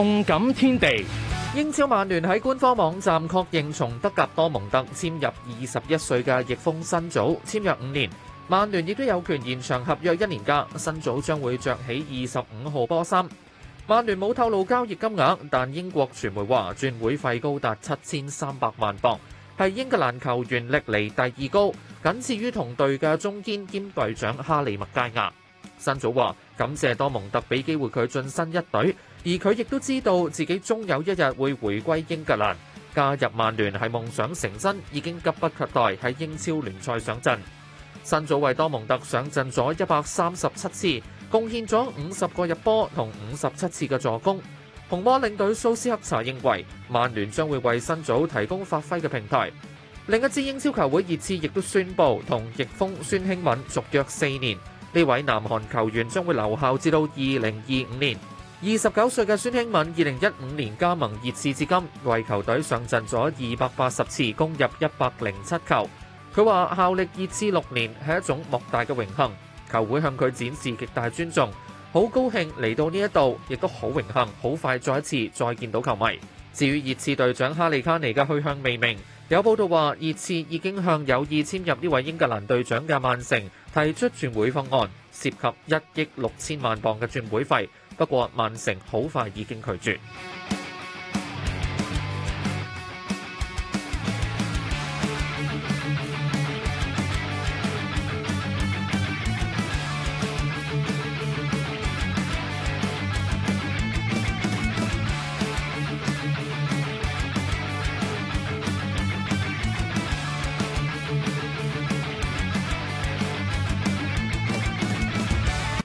動感天地，英超曼聯喺官方網站確認從德甲多蒙特簽入二十一歲嘅翼鋒辛祖，簽約五年，曼聯亦都有權延長合約一年。價辛祖將會着起二十五號波衫，曼聯冇透露交易金額，但英國傳媒話轉會費高達七千三百萬鎊，係英格蘭球員歷嚟第二高，僅次於同隊嘅中堅兼隊，隊長哈利麥佳亞。辛祖話感謝多蒙特俾機會佢晉身一隊，而佢亦都知道自己終有一日會回歸英格蘭。加入曼聯係夢想成真，已經急不及待喺英超聯賽上陣。辛祖為多蒙特上陣咗一百三十七次，貢獻咗五十個入波同五十七次嘅助攻。紅魔領隊蘇斯克查認為曼聯將會為辛祖提供發揮嘅平台。另一支英超球會熱刺亦都宣布同翼鋒孫興敏續約四年。呢位南韓球員將會留效至到二零二五年。二十九歲嘅孫興敏，二零一五年加盟熱刺至今，為球隊上陣咗二百八十次，攻入一百零七球。佢話效力熱刺六年係一種莫大嘅榮幸，球會向佢展示極大尊重，好高興嚟到呢一度，亦都好榮幸，好快再一次再見到球迷。至於熱刺隊長哈利卡尼嘅去向未明，有報道話熱刺已經向有意簽入呢位英格蘭隊長嘅曼城提出轉會方案，涉及一億六千萬鎊嘅轉會費，不過曼城好快已經拒絕。